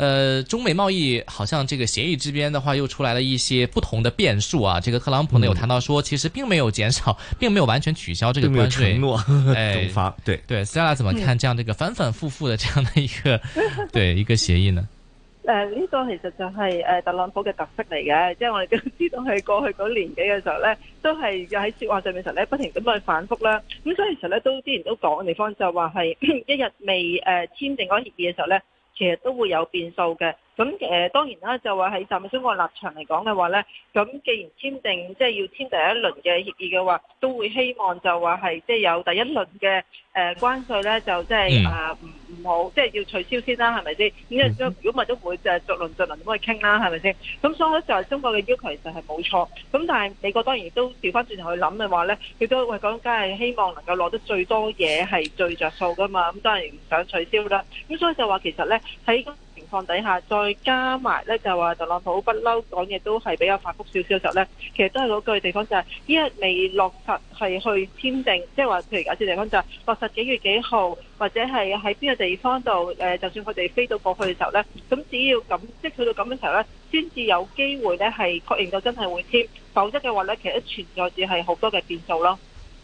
呃，中美貿易好像這個協議之邊的話，又出來了一些不同的變數啊。這個特朗普呢有談到說，其實並沒有減少，並沒有完全取消這個關稅對、哎、對對對對 Celia 怎麼看這樣這個反反復復的這樣的一個、嗯、對一個協議呢？呃呢、這個其實就係、是、誒、呃、特朗普嘅特色嚟嘅，即係我哋都知道喺過去嗰年幾嘅時候呢都係又喺說話上面時候呢不停咁去反復啦。咁所以其實呢都之前都講嘅地方就話係一日未誒、呃、簽訂嗰個協議嘅時候呢其實都會有變數嘅。咁誒、呃、當然啦、啊，就話喺站喺中國立場嚟講嘅話咧，咁既然簽訂即係要簽第一輪嘅協議嘅話，都會希望就話係即係有第一輪嘅誒、呃、關稅咧，就即、就、係、是、啊唔唔好，即、就、係、是、要取消先啦、啊，係咪先？咁樣如果唔係都會係逐輪逐輪咁去傾啦，係咪先？咁所以就話中國嘅要求其實係冇錯。咁但係美國當然都調翻轉頭去諗嘅話咧，佢都喂講緊係希望能夠攞得最多嘢係最着數噶嘛，咁當然唔想取消啦。咁所以就話其實咧喺，況底下，再加埋咧就話特朗普不嬲講嘢都係比較反復少少嘅時候咧，其實都係嗰句地方就係，依一日未落實係去簽訂，即係話譬如假設地方就係落實幾月幾號，或者係喺邊個地方度，誒就算佢哋飛到過去嘅時候咧，咁只要咁即係去到咁嘅時候咧，先至有機會咧係確認到真係會簽，否則嘅話咧其實都存在住係好多嘅變數咯。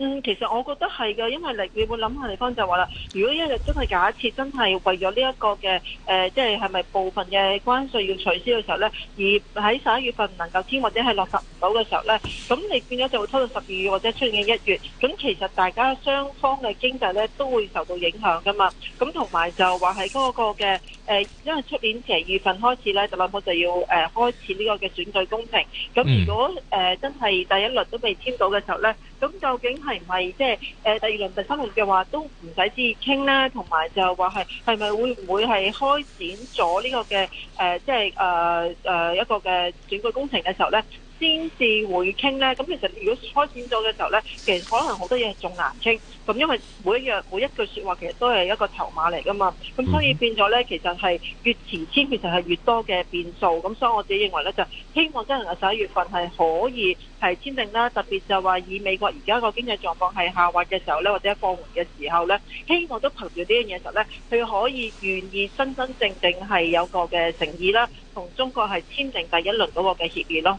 嗯，其實我覺得係嘅，因為你你會諗下地方就話啦，如果一日真係假設真係為咗呢一個嘅誒、呃，即係係咪部分嘅關稅要取消嘅時候呢，而喺十一月份唔能夠簽或者係落實唔到嘅時候呢，咁你變咗就會拖到十二月或者出年嘅一月。咁其實大家雙方嘅經濟呢都會受到影響噶嘛。咁同埋就話喺嗰個嘅誒、呃，因為出年二月份開始呢，特朗普就要誒、呃、開始呢個嘅選舉工程。咁如果誒、嗯呃、真係第一輪都未簽到嘅時候呢，咁究竟係唔係即係誒第二輪、第三輪嘅話都唔使旨意傾啦。同埋就話係係咪會唔會係開展咗呢個嘅誒即係誒誒一個嘅選舉工程嘅時候咧？先至會傾呢。咁其實如果開展咗嘅時候呢，其實可能好多嘢仲難傾。咁因為每一樣每一句說話其實都係一個籌碼嚟噶嘛，咁所以變咗呢，其實係越遲簽其實係越多嘅變數。咁所以我自己認為呢，就希望真係十一月份係可以係簽訂啦。特別就話以美國而家個經濟狀況係下滑嘅時候呢，或者放緩嘅時候呢，希望都憑住呢樣嘢時候呢，佢可以願意真真正正係有個嘅誠意啦，同中國係簽訂第一輪嗰個嘅協議咯。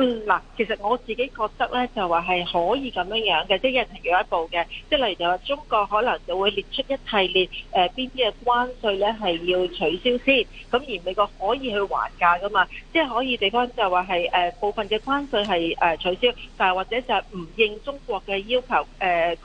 嗯，嗱，其實我自己覺得咧，就話係可以咁樣樣嘅，即係一人停咗一步嘅。即係例如就話中國可能就會列出一系列誒邊啲嘅關稅咧，係要取消先。咁而美國可以去還價㗎嘛？即係可以地方就話係誒部分嘅關稅係、呃、取消，但係或者就唔應中國嘅要求誒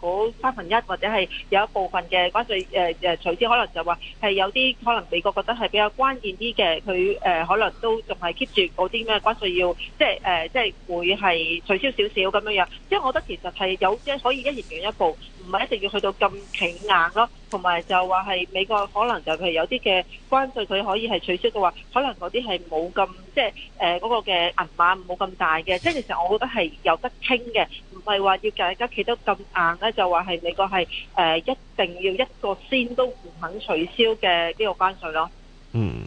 嗰三分一，或者係有一部分嘅關稅誒、呃、取消，可能就話係有啲可能美國覺得係比較關鍵啲嘅，佢誒、呃、可能都仲係 keep 住嗰啲咩關稅要。即係誒、呃，即係會係取消少少咁樣樣，即係我覺得其實係有即係可以一言讓一步，唔係一定要去到咁企硬咯。同埋就話係美國可能就譬如有啲嘅關稅，佢可以係取消嘅話，可能嗰啲係冇咁即係誒嗰個嘅銀碼冇咁大嘅，即係其實我覺得係有得傾嘅，唔係話要大家企得咁硬咧，就話係美國係誒、呃、一定要一個先都唔肯取消嘅呢個關稅咯。嗯。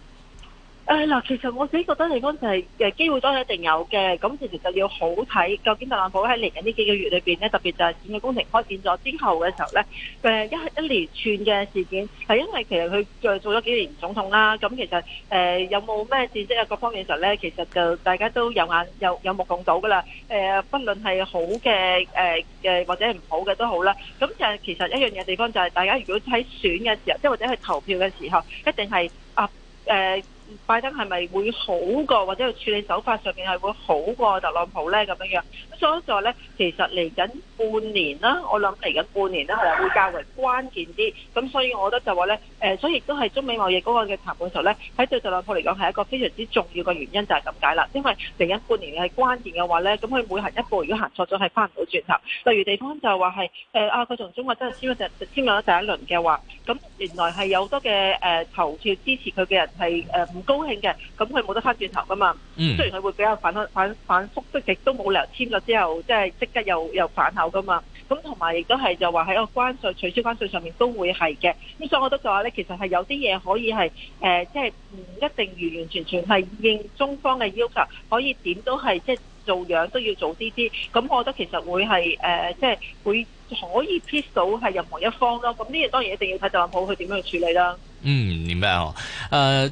誒、哎、嗱，其實我自己覺得地方就係、是、誒機會當然一定有嘅，咁其實就要好睇究竟特朗普喺嚟緊呢幾個月裏邊咧，特別就係選舉工程開展咗之後嘅時候咧，誒一一連串嘅事件係因為其實佢再做咗幾年總統啦，咁其實誒、呃、有冇咩戰績啊各方面嘅時候咧，其實就大家都有眼有有目共睹噶啦。誒、呃，不論係好嘅誒誒，或者唔好嘅都好啦。咁就其實一樣嘢地方就係、是、大家如果喺選嘅時候，即係或者去投票嘅時候，一定係啊誒。呃拜登係咪會好過，或者佢處理手法上面係會好過特朗普呢？咁樣樣。所以就話咧，其實嚟緊半年啦，我諗嚟緊半年咧係會較為關鍵啲。咁所以，我覺得就話咧，誒，所以亦都係中美貿易嗰個嘅談判時候咧，喺對特朗普嚟講係一個非常之重要嘅原因，就係咁解啦。因為嚟緊半年係關鍵嘅話咧，咁佢每行一步，如果行錯咗，係翻唔到轉頭。例如地方就話係誒啊，佢同中國真係簽咗第簽咗第一輪嘅話，咁原來係有多嘅誒投票支持佢嘅人係誒唔高興嘅，咁佢冇得翻轉頭噶嘛。嗯，雖然佢會比較反反反覆不極，都冇理由簽咗。又即係即刻又又反口噶嘛，咁同埋亦都係就話喺個關稅取消關稅上面都會係嘅。咁所以我覺得就話咧，其實係有啲嘢可以係誒，即係唔一定完完全全係應中方嘅要求，可以點都係即係做樣都要早啲啲，咁我覺得其實會係誒，即係會可以撇到係任何一方咯，咁呢樣當然一定要睇特朗普佢點樣去處理啦。嗯，明白。Uh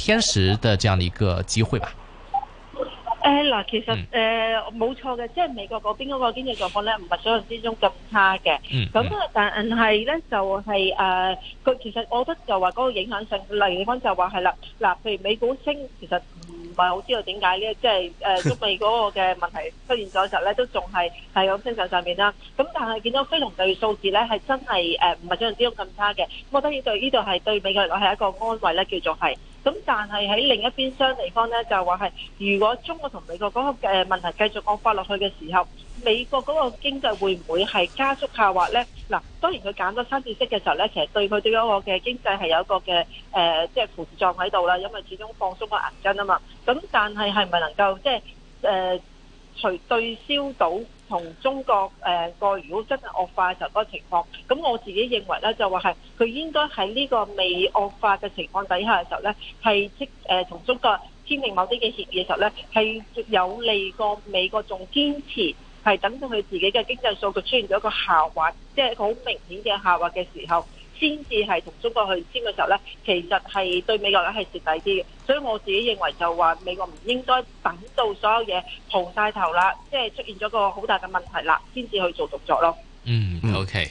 天時嘅這樣一個機會吧。嗱，其實誒冇錯嘅，即係美國嗰邊嗰個經濟狀況咧，唔係想像之中咁差嘅。咁但係咧就係佢其實我覺得就話嗰個影響性，另一方就話係啦。嗱，譬如美股升其實。我好知道點解呢？即係中美嗰個嘅問題出現咗時候咧，都仲係係咁升上上面啦。咁但係見到非農對數字咧，係真係唔係想像之中咁差嘅，我覺得依度呢度係對美國嚟講係一個安慰咧，叫做係。咁但係喺另一邊廂地方咧，就話係如果中國同美國嗰個問題繼續惡化落去嘅時候。美國嗰個經濟會唔會係加速下滑呢？嗱，當然佢減咗三次息嘅時候呢，其實對佢哋嗰個嘅經濟係有一個嘅誒，即係負狀喺度啦，就是、因為始終放鬆個銀根啊嘛。咁但係係咪能夠即係誒，除、呃、對消到同中國個、呃、如果真係惡化嘅時候嗰個情況？咁我自己認為呢，就話係佢應該喺呢個未惡化嘅情況底下嘅時候呢，係即同中國簽訂某啲嘅協議嘅時候呢，係有利過美國仲堅持。係等到佢自己嘅經濟數據出現咗一個下滑，即係好明顯嘅下滑嘅時候，先至係同中國去簽嘅時候呢，其實係對美國人係蝕底啲嘅。所以我自己認為就話美國唔應該等到所有嘢紅晒頭啦，即係出現咗個好大嘅問題啦，先至去做動作咯。嗯，OK。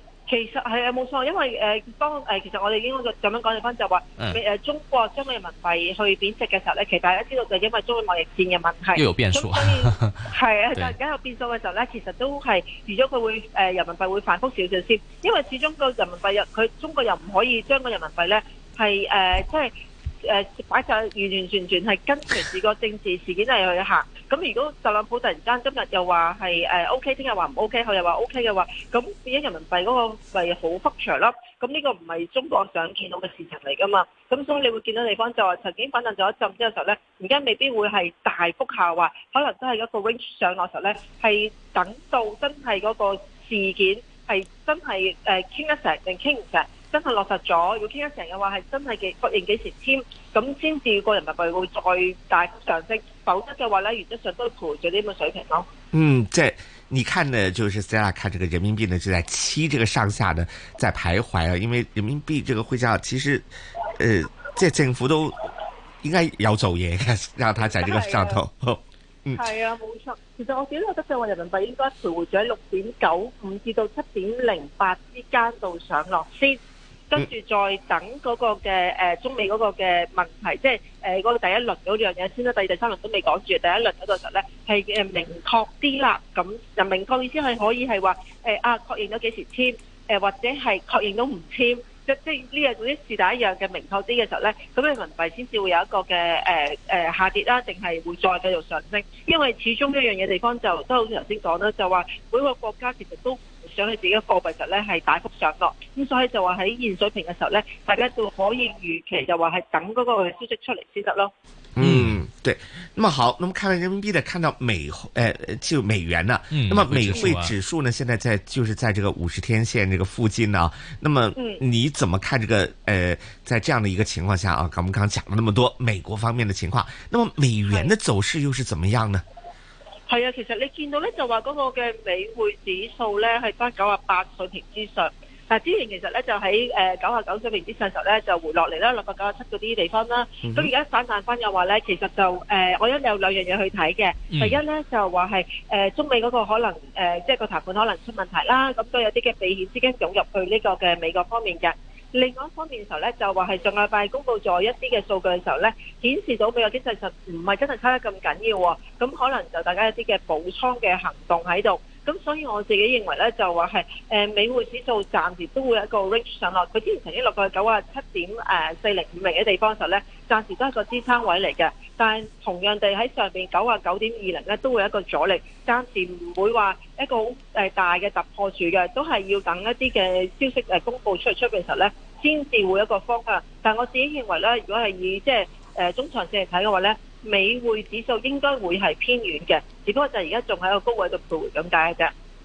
其實係啊，冇錯，因為誒、呃呃、其實我哋應該咁樣講翻就話、嗯呃、中國將個人民幣去貶值嘅時候咧，其實大家知道就係因為中國貿易戰嘅問題，係咁所以係啊，就而家有變數嘅時候咧，其實都係預咗佢會誒、呃、人民幣會反覆少少先，因為始終個人民幣佢中國又唔可以將個人民幣咧係誒即係。誒、呃、擺晒完完全全係跟隨住個政治事件嚟去行，咁如果特朗普突然間今日又話係誒 O K，聽日話唔 O K，後日又話 O K 嘅話，咁變咗人民幣嗰個咪好幅長囉。咁呢個唔係中國想見到嘅事情嚟噶嘛？咁所以你會見到地方就係曾經反彈咗一陣之後時候咧，而家未必會係大幅下滑，可能真係一個 range 上落嘅時候咧，係等到真係嗰個事件係真係誒傾一成定傾唔成。真係落實咗，要傾得成嘅話，係真係幾確認幾時簽，咁先至個人民幣會再大幅上升。否則嘅話咧，原則上都係徘徊咗啲咁嘅水平咯。嗯，即係你看呢，就是 set 私下看，這個人民幣呢，就在七這個上下呢，在徘徊啊。因為人民幣這個匯價，其實誒，即、呃、係政府都應該有做嘢嘅，讓它在呢個上頭。 嗯，係啊，冇錯。其實我自己覺得，即係話人民幣應該徘徊喺六點九五至到七點零八之間度上落先。跟住再等嗰個嘅誒中美嗰個嘅問題，即係誒嗰第一輪嗰樣嘢先啦。第二第三輪都未講住，第一輪嗰個時候咧係誒明確啲啦。咁就明確意思係可以係話誒啊確認咗幾時簽誒、呃，或者係確認都唔簽。即即呢樣嗰啲係第一樣嘅明確啲嘅時候咧，咁你人民幣先至會有一個嘅誒誒下跌啦，定係會再繼續上升。因為始終一樣嘢地方就都好似頭先講啦，就話每個國家其實都，想去自己嘅貨幣值咧係大幅上落，咁所以就話喺現水平嘅時候咧，大家都可以預期就話係等嗰個消息出嚟先得咯。嗯，對。那麼好，咁麼看完人民幣的看到美，誒、呃、就美元、嗯、那麼美呢，嗯。咁啊，美匯指數呢，現在在就是在這個五十天線呢個附近呢，咁麼，嗯，你怎麼看呢個，誒，在這樣嘅一個情況下啊，啊剛我哋剛講咗咁多美國方面嘅情況，嗯。咁美元嘅走勢又是怎麼樣呢？嗯。係啊，其實你見到咧就話嗰個嘅美匯指數咧係翻九啊八水平之上，嗱之前其實咧就喺誒九啊九水平之上時候咧就回落嚟啦，六百九啊七嗰啲地方啦。咁而家反彈翻又話咧，其實就誒我一有兩樣嘢去睇嘅、嗯，第一咧就話係誒中美嗰個可能誒即係個談判可能出問題啦，咁都有啲嘅避險資金湧入去呢個嘅美國方面嘅。另外一方面嘅時候咧，就話係上個禮拜公布咗一啲嘅數據嘅時候咧，顯示到美國經濟實唔係真係差得咁緊要喎，咁可能就大家有一啲嘅補倉嘅行動喺度。咁所以我自己認為咧，就話係誒美匯指數暫時都會有一個 range 上落。佢之前曾經落過九啊七點誒四零五零嘅地方嘅時候咧，暫時都係一個支撐位嚟嘅。但係同樣地喺上面九啊九點二零咧，呢都會有一個阻力，暫時唔會話一個好大嘅突破住嘅，都係要等一啲嘅消息公佈出嚟出嘅時候咧，先至會一個方向。但係我自己認為咧，如果係以即係中長線嚟睇嘅話咧。美匯指數應該會係偏軟嘅，只不過就係而家仲喺個高位度徘徊咁解嘅啫。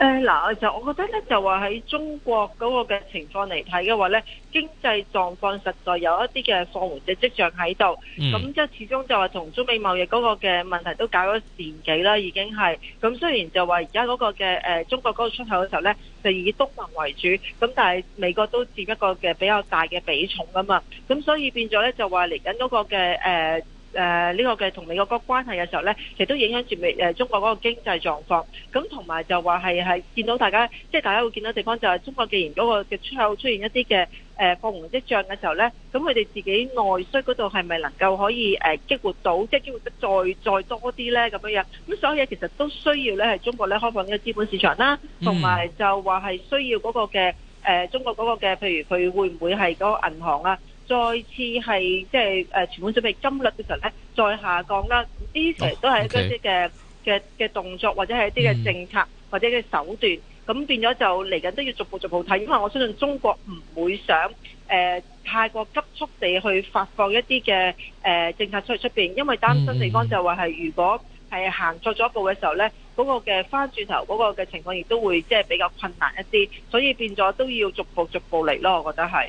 誒、呃，嗱，就我覺得咧，就話喺中國嗰個嘅情況嚟睇嘅話咧，經濟狀況實在有一啲嘅放緩嘅跡象喺度。咁即係始終就話同中美貿易嗰個嘅問題都搞咗年幾啦，已經係。咁雖然就話而家嗰個嘅誒、呃，中國嗰個出口嘅時候咧，就以東盟為主，咁但係美國都佔一個嘅比較大嘅比重㗎嘛。咁所以變咗咧，就話嚟緊嗰個嘅誒。誒、呃、呢、這個嘅同美國嗰個關係嘅時候咧，其實都影響住誒、呃、中國嗰個經濟狀況。咁同埋就話係係見到大家，即係大家會見到地方就係中國，既然嗰個嘅出口出現一啲嘅誒放緩跡象嘅時候咧，咁佢哋自己內需嗰度係咪能夠可以誒、呃、激活到，即係激活得再再多啲咧咁樣樣？咁所有嘢其實都需要咧係中國咧開放呢個資本市場啦，同、嗯、埋就話係需要嗰個嘅、呃、中國嗰個嘅，譬如佢會唔會係嗰個銀行啊？再次係即係誒存款準備金率嘅時候咧，再下降啦。呢啲成日都係一啲嘅嘅嘅動作，或者係一啲嘅政策、mm -hmm. 或者嘅手段，咁變咗就嚟緊都要逐步逐步睇，因為我相信中國唔會想誒、呃、太過急速地去發放一啲嘅誒政策出去出邊，因為擔心地方就話係、mm -hmm. 如果係行錯咗一步嘅時候咧，嗰、那個嘅翻轉頭嗰、那個嘅情況亦都會即係、就是、比較困難一啲，所以變咗都要逐步逐步嚟咯，我覺得係。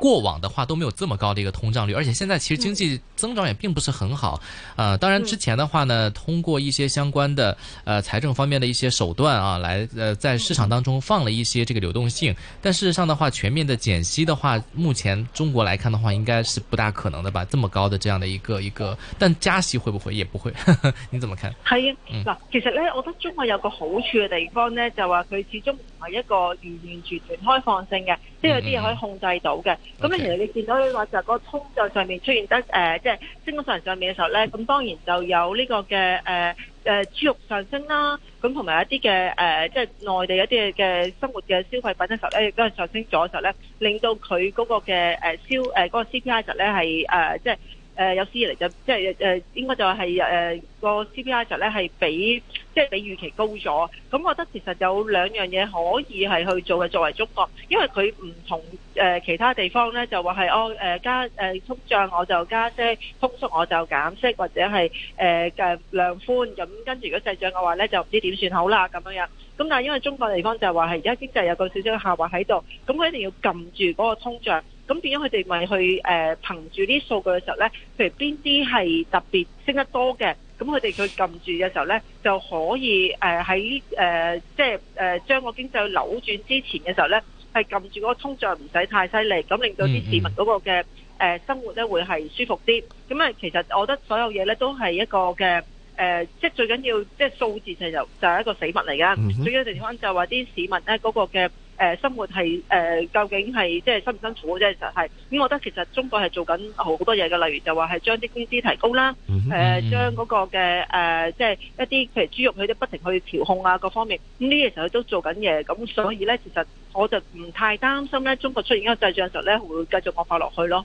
過往的話都沒有這麼高的一個通脹率，而且現在其實經濟增長也並不是很好，嗯、呃，當然之前的話呢，通過一些相關的呃財政方面的一些手段啊，來呃在市場當中放了一些這個流動性。但事實上的話，全面的減息的話，目前中國來看的話，應該是不大可能的吧？這麼高的這樣的一個一個，但加息會不會也不會？ 你怎麼看？係啊，嗱、嗯，其實呢，我覺得中國有個好處嘅地方呢，就話佢始終唔係一個完完全全開放性嘅，即係有啲嘢可以控制到嘅。咁啊，其實你見到你話就個通脹上面出現得誒，即係升咗上上面嘅時候咧，咁當然就有呢個嘅誒、呃呃、豬肉上升啦，咁同埋一啲嘅誒，即係內地一啲嘅生活嘅消費品嘅時候咧，亦都係上升咗嘅時候咧，令到佢嗰個嘅誒消誒嗰、呃嗰個、CPI 值咧係誒即係。呃即係誒、呃、有資料嚟就即係誒應該就係、是、誒、呃那個 CPI 實咧係比即係、就是、比預期高咗，咁我覺得其實有兩樣嘢可以係去做嘅。作為中國，因為佢唔同誒、呃、其他地方咧，就話係哦誒加誒、呃、通脹我就加息；通縮我就減息，或者係誒誒量寬。咁跟住如果滯脹嘅話咧，就唔知點算好啦咁樣樣。咁但係因為中國地方就話係而家經濟有個少少嘅下滑喺度，咁佢一定要撳住嗰個通脹。咁變咗佢哋咪去誒、呃、憑住啲數據嘅時候咧，譬如邊啲係特別升得多嘅，咁佢哋佢撳住嘅時候咧，就可以誒喺誒即係誒、呃、將個經濟扭轉之前嘅時候咧，係撳住嗰個通脹唔使太犀利，咁令到啲市民嗰個嘅誒、mm -hmm. 呃、生活咧會係舒服啲。咁啊，其實我覺得所有嘢咧都係一個嘅誒、呃，即最緊要即係數字就係、就係、係、一個死物嚟噶。Mm -hmm. 最緊要地方就係話啲市民咧嗰個嘅。誒、呃、生活係誒、呃、究竟係即係辛唔辛苦啫？其實係咁，我覺得其實中國係做緊好多嘢嘅，例如就話係將啲工資提高啦，誒、呃、將嗰個嘅誒、呃、即係一啲譬如豬肉佢都不停去調控啊各方面，咁呢啲其實佢都做緊嘢，咁所以咧其實我就唔太擔心咧，中國出現一個擠漲嘅時候咧會繼續惡化落去咯。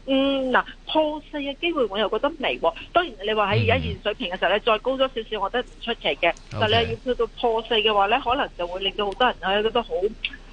嗯，嗱破四嘅機會我又覺得未喎。當然你話喺而家現水平嘅時候咧，mm. 再高咗少少，我覺得唔出奇嘅。Okay. 但係你要去到破四嘅話咧，可能就會令到好多人咧覺得好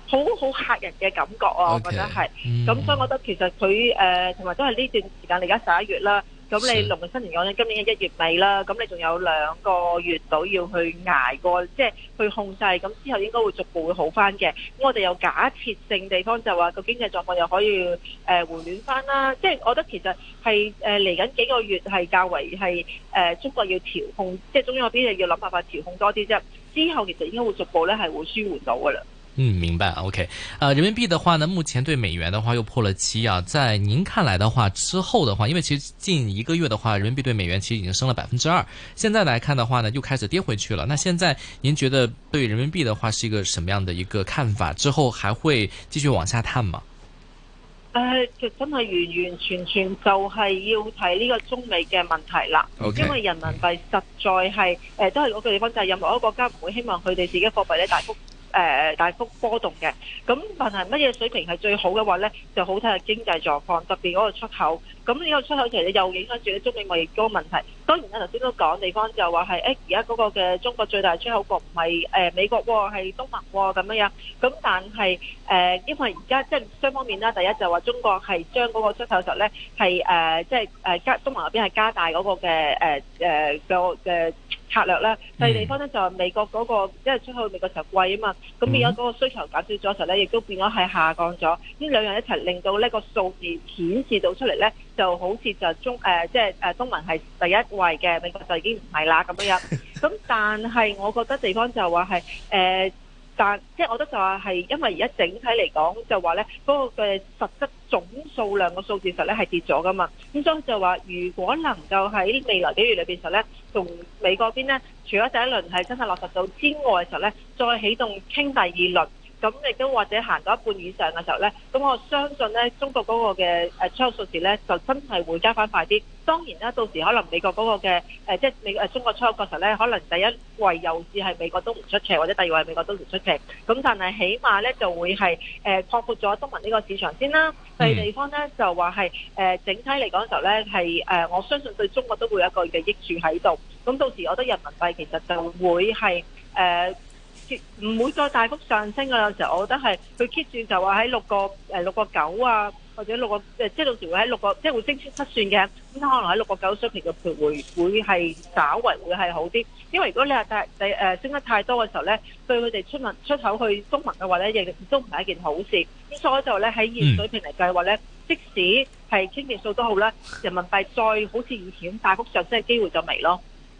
好好嚇人嘅感覺啊，okay. 我覺得係。咁、mm. 嗯、所以我覺得其實佢誒同埋都係呢段時間嚟，而家十一月啦。咁你農曆新年講緊今年一月尾啦，咁你仲有兩個月到要去挨過，即係去控制，咁之後應該會逐步會好翻嘅。咁我哋有假設性地方就話個經濟狀況又可以誒、呃、回暖翻啦，即係我覺得其實係誒嚟緊幾個月係較為係誒、呃、中國要調控，即係中央嗰邊要諗辦法調控多啲啫。之後其實應該會逐步咧係會舒緩到㗎啦。嗯，明白。OK，呃人民幣的話呢，目前對美元的話又破了七啊。在您看來的話，之後的話，因為其實近一個月的話，人民幣對美元其實已經升了百分之二。現在來看的話呢，又開始跌回去了。那現在您覺得對人民幣的話是一個什麼樣的一個看法？之後還會繼續往下探嗎？呃、其實真係完完全全就係要睇呢個中美嘅問題啦。OK，因為人民幣實在係誒、呃，都係攞個地方就係、是、任何一個國家唔會希望佢哋自己貨幣咧大幅。誒、呃、大幅波動嘅，咁但係乜嘢水平係最好嘅話咧，就好睇下經濟狀況，特別嗰個出口。咁呢個出口其實又影響住啲中美貿易嗰個問題。當然啦，頭先都講地方就話係誒，而家嗰個嘅中國最大出口國唔係美國喎、哦，係東盟喎、哦、咁樣樣。咁但係誒、呃，因為而家即係雙方面啦，第一就話中國係將嗰個出口呢、呃、就咧係誒，即係誒加東盟嗰邊係加大嗰個嘅誒誒個嘅。呃呃策略咧，第二地方咧就係、是、美國嗰、那個，因為出去美國時候貴啊嘛，咁變咗嗰個需求減少咗時候咧，亦都變咗係下降咗。呢兩樣一齊令到呢個數字顯示到出嚟咧，就好似就中誒，即係誒東盟係第一位嘅，美國就已經唔係啦咁樣樣。咁但係我覺得地方就話係誒，但即係、就是、我覺得就話係，因為而家整體嚟講就話咧，嗰、那個嘅實質。總數量嘅數字實咧係跌咗噶嘛，咁所以就話，如果能夠喺未來幾月裏邊實咧同美國邊咧，除咗第一輪係真正落實到之外嘅時候咧，再啟動傾第二輪。咁亦都或者行到一半以上嘅時候咧，咁我相信咧，中國嗰個嘅誒、啊、出口數字咧，就真係會加翻快啲。當然啦，到時可能美國嗰、嗰個嘅、啊、即係美誒、啊、中國出口嘅時候咧，可能第一位又至係美國都唔出奇，或者第二位係美國都唔出奇。咁但係起碼咧就會係誒擴闊咗東盟呢個市場先啦。Mm-hmm. 第二地方咧就話係誒整體嚟講嘅時候咧係誒我相信對中國都會有一個嘅益處喺度。咁到時我覺得人民幣其實就會係誒。呃唔會再大幅上升㗎。有時候我覺得係佢 keep 住就話喺六個六個九啊，或者六個即係到時會喺六個，即係會升出七算嘅，咁可能喺六個九水平嘅徘徊會係稍微會係好啲，因為如果你係大第、呃、升得太多嘅時候咧，對佢哋出問出口去中文嘅話咧，亦都唔係一件好事。咁所以就咧喺現水平嚟計劃咧、嗯，即使係千點數都好啦，人民幣再好似以前大幅上升嘅機會就未咯。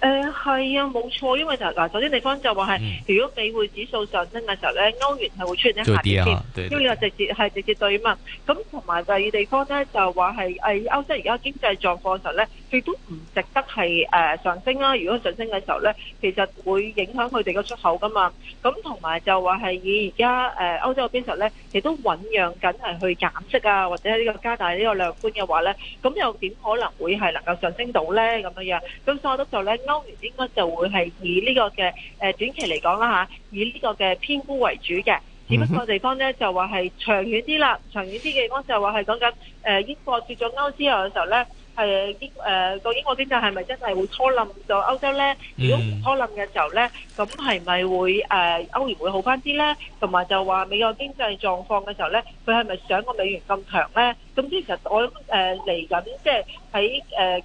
誒、呃、係啊，冇錯，因為就嗱，首先地方就話係、嗯，如果美匯指數上升嘅時候咧，歐元係會出現一下跌嘅，因為呢個直接係直接對嘛。咁同埋第二地方咧，就話係誒歐洲而家經濟狀況嘅時候咧，亦都唔值得係、呃、上升啦。如果上升嘅時候咧，其實會影響佢哋嘅出口噶嘛。咁同埋就話係以而家誒歐洲嗰邊嘅時候咧，亦都醞釀緊係去減息啊，或者呢個加大呢個量寬嘅話咧，咁又點可能會係能夠上升到咧咁樣樣？咁所以我就咧。歐元 應該就會係以呢個嘅誒短期嚟講啦嚇，以呢個嘅偏沽為主嘅。只不過地方咧就話係長遠啲啦，長遠啲嘅地方就話係講緊誒、呃、英國脫咗歐之後嘅時候咧。係英誒個英國經濟係咪真係會拖冧咗歐洲咧？如果唔拖冧嘅時候咧，咁係咪會誒歐元會好返啲咧？同埋就話美國經濟狀況嘅時候咧，佢係咪想個美元咁強咧？咁即係其實我諗誒嚟緊即係喺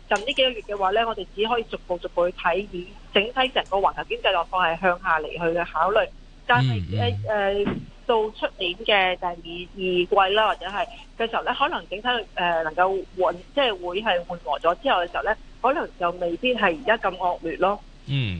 誒近呢幾個月嘅話咧，我哋只可以逐步逐步去睇，以整體成個環球經濟狀況係向下嚟去嘅考慮。但係誒誒。到出年嘅第二第二季啦，或者係嘅時候咧，可能整體誒能夠緩，即係會係緩和咗之後嘅時候咧，可能就未必係而家咁惡劣咯。嗯。.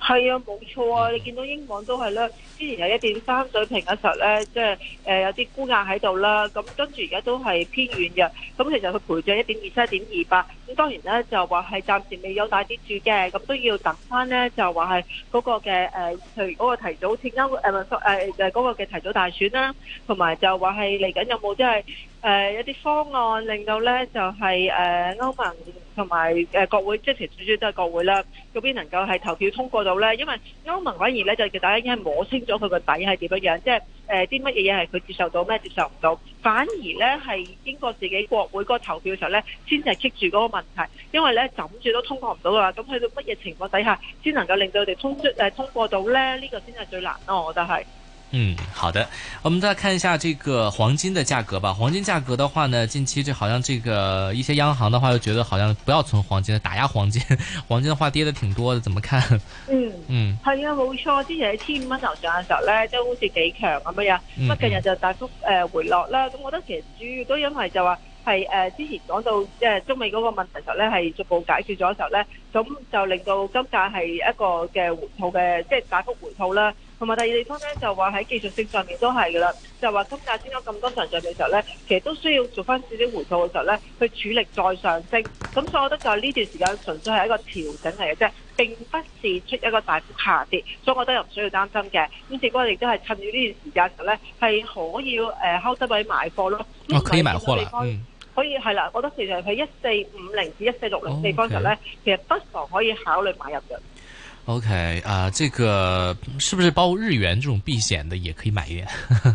係啊，冇錯啊！你見到英鎊都係啦，之前有一點三水平嘅時候咧，即係有啲沽壓喺度啦。咁跟住而家都係偏軟嘅。咁其實佢賠著一點二七、一點二八。咁當然咧，就話係暫時未有大跌住嘅。咁都要等翻咧，就話係嗰個嘅誒，譬如嗰個提早選舉誒嗰個嘅提早大選啦，同埋就話係嚟緊有冇即係。誒、uh, 有啲方案令到咧就係、是、誒、uh, 歐盟同埋誒國會，即係其實最主要都係國會啦，嗰邊能夠係投票通過到咧，因為歐盟反而咧就大家已經係摸清楚佢個底係點樣樣，即係誒啲乜嘢嘢係佢接受到咩接受唔到，反而咧係英國自己國會嗰個投票時候咧先係棘住嗰個問題，因為咧枕住都通過唔到㗎喇，咁去到乜嘢情況底下先能夠令到佢哋通誒通過到咧？呢、呢個先係最難咯，我覺得係。嗯，好的，我們再看一下這個黃金的價格吧。黃金價格的話呢，近期就好像這個一些央行的話又覺得好像不要存黃金，打壓黃金，黃金的話跌得挺多的，怎麼看？嗯嗯，係啊，冇錯，之前喺千五蚊頭上嘅時候咧都好似幾強咁樣，是不過近日就大幅誒、呃、回落啦。咁我覺得其實主要都因為就話係誒之前講到即係、呃、中美嗰個問題嘅時候咧係逐步解決咗嘅時候咧，咁就,就令到金價係一個嘅回吐嘅，即係大幅回吐啦。同埋第二地方咧，就話喺技術性上面都係噶啦，就話今價先有咁多上上嘅時候咧，其實都需要做翻少少回吐嘅時候咧，去處力再上升。咁所以我覺得就係呢段時間純粹係一個調整嚟嘅啫，並不是出一個大幅下跌，所以我覺得又唔需要擔心嘅。咁結果亦都係趁住呢段時間嘅時候咧，係可以誒得低位買貨咯、哦。可以買貨啦、嗯，可以係啦。我覺得其實喺一四五零至一四六零呢方嘅時候咧，其實不妨可以考慮買入嘅。O K 啊，這個是不是包括日元這種避險的也可以買一點？誒、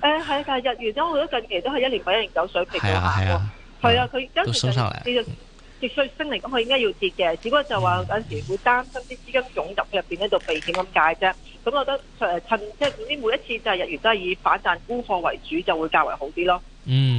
呃，係、啊，但係日元都，我覺得近期都係一年八一年九水平啊，下啊，係啊，佢跟住就跌衰升嚟，咁佢應該要跌嘅，只不過就話有陣時會擔心啲資金湧入入邊喺度避險咁解啫。咁我覺得趁即係總之每一次就係日元都係以反彈沽貨為主，就會較為好啲咯。嗯。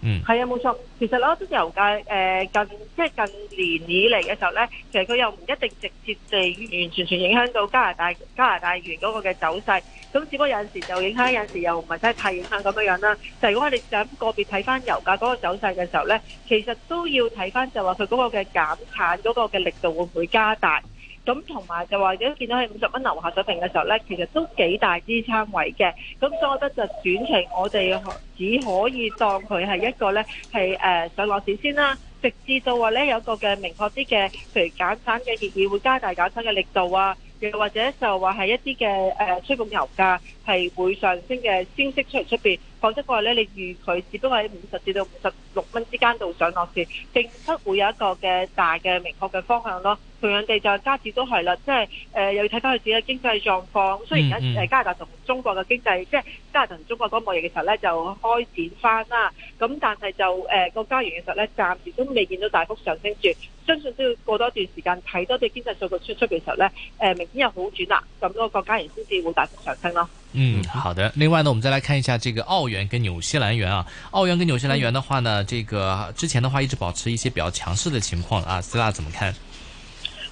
嗯，係啊，冇錯。其實啦，啲油價誒、呃、近即係近年以嚟嘅時候咧，其實佢又唔一定直接地完完全全影響到加拿大加拿大元嗰個嘅走勢。咁只不過有陣時候就影響，有陣時候又唔係真係太影響咁樣樣啦。就係如果我哋想個別睇翻油價嗰個走勢嘅時候咧，其實都要睇翻就話佢嗰個嘅減產嗰個嘅力度會唔會加大？咁同埋就或者見到喺五十蚊樓下水平嘅時候呢，其實都幾大支撐位嘅。咁所以我覺得就短程，我哋只可以當佢係一個呢，係上落市先啦。直至到話呢有一個嘅明確啲嘅，譬如減產嘅協議會加大減產嘅力度啊，又或者就話係一啲嘅誒推動油價係會上升嘅消息出嚟出邊。否則話呢，你預佢只不過喺五十至到五十六蚊之間度上落市，並不會有一個嘅大嘅明確嘅方向咯。同樣地，就加時都係啦，即係誒、呃，又要睇翻佢自己嘅經濟狀況。雖然而家誒加拿大同中國嘅經濟，嗯、即係加拿大同中國嗰個貿易嘅時候咧，就開展翻啦。咁但係就誒個、呃、加元嘅時候咧，暫時都未見到大幅上升住。相信都要過多一段時間，睇多啲經濟數據出出嘅時候咧，誒、呃、明顯有好轉啦。咁、那個國家元先至會大幅上升咯。嗯，好的。另外呢，我們再來看一下這個澳元跟紐西蘭元啊。澳元跟紐西蘭元的話呢，這個之前的話一直保持一些比較強勢嘅情況啊。斯拉，怎麼看？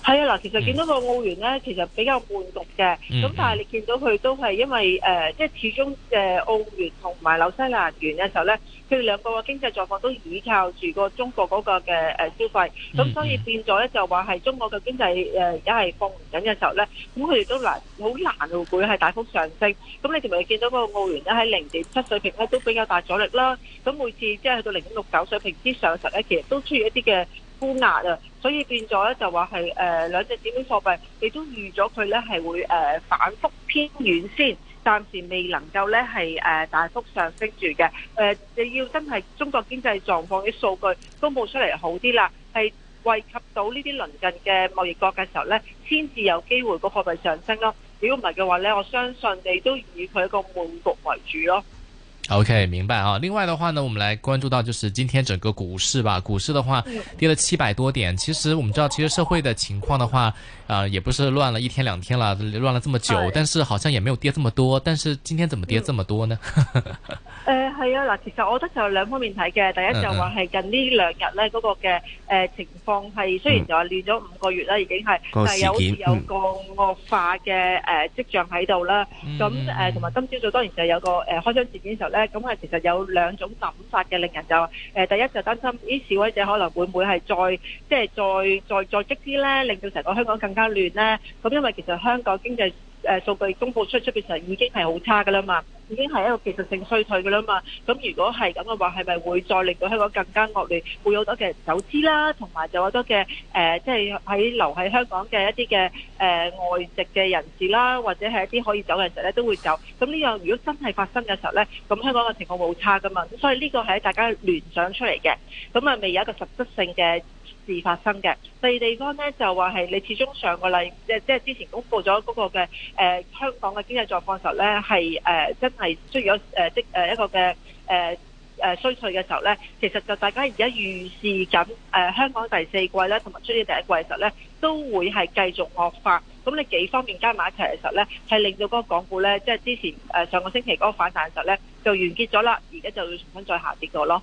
係啊，嗱，其實見到個澳元咧，其實比較悶動嘅，咁、mm -hmm. 但係你見到佢都係因為誒，即、呃、係始終誒澳元同埋紐西蘭元嘅時候咧，佢哋兩個嘅經濟狀況都倚靠住個中國嗰個嘅消費，咁、mm -hmm. 所以變咗咧就話係中國嘅經濟誒而家係放緩緊嘅時候咧，咁佢哋都難好難會係大幅上升。咁你同埋見到個個澳元咧喺零點七水平咧都比較大阻力啦。咁每次即係去到零點六九水平之上嘅咧，其實都出現一啲嘅。沽壓啊，所以變咗咧就話係誒兩隻紙幣貨幣，亦都預咗佢咧係會誒、呃、反覆偏軟先，暫時未能夠咧係誒大幅上升住嘅。誒、呃、你要真係中國經濟狀況啲數據公佈出嚟好啲啦，係惠及到呢啲鄰近嘅貿易國嘅時候咧，先至有機會個貨幣上升咯。如果唔係嘅話咧，我相信你都以佢一個悶局為主咯。O.K. 明白啊！另外的話呢，我們來關注到就是今天整個股市吧。股市的話跌了七百多點。其實我們知道，其實社會的情況的話，啊、呃，也不是亂了一天兩天了，亂了這麼久，但是好像也沒有跌這麼多。但是今天怎麼跌這麼多呢？誒、嗯、係、 呃、啊，嗱，其實我覺得就兩方面睇嘅。第一就話係近這兩天呢兩日咧嗰個嘅誒、呃、情況係雖然就話亂咗五個月啦，已經係，但係有有個惡化嘅誒、呃、跡象喺度啦。咁誒，同、嗯、埋、呃、今朝早當然就有個誒、呃、開張事件嘅時候咧。咧，咁其實有兩種諗法嘅，令人就，誒第一就擔心啲示威者可能會唔會係再即係、就是、再再再，再激啲咧，令到成個香港更加亂咧。咁因為其實香港經濟。誒數據公布出出嘅時候已經係好差噶啦嘛，已經係一個技術性衰退噶啦嘛。咁如果係咁嘅話，係咪會再令到香港更加惡劣？會有好多嘅走資啦，同埋就好多嘅誒，即係喺留喺香港嘅一啲嘅誒外籍嘅人士啦，或者係一啲可以走嘅時候咧都會走。咁呢樣如果真係發生嘅時候咧，咁香港嘅情況好差噶嘛。所以呢個係大家聯想出嚟嘅，咁啊未有一個實質性嘅。事發生嘅第二地方咧，就話係你始終上個例，即即係之前公布咗嗰個嘅、呃、香港嘅經濟狀況嘅時候咧，係、呃、真係出現咗即一個嘅、呃、衰退嘅時候咧，其實就大家而家預示緊誒、呃、香港第四季咧，同埋出年第一季嘅時候咧，都會係繼續惡化。咁你幾方面加埋一齊嘅時候咧，係令到嗰個港股咧，即係之前、呃、上個星期嗰個反彈嘅時候咧，就完結咗啦。而家就會重新再下跌咗咯。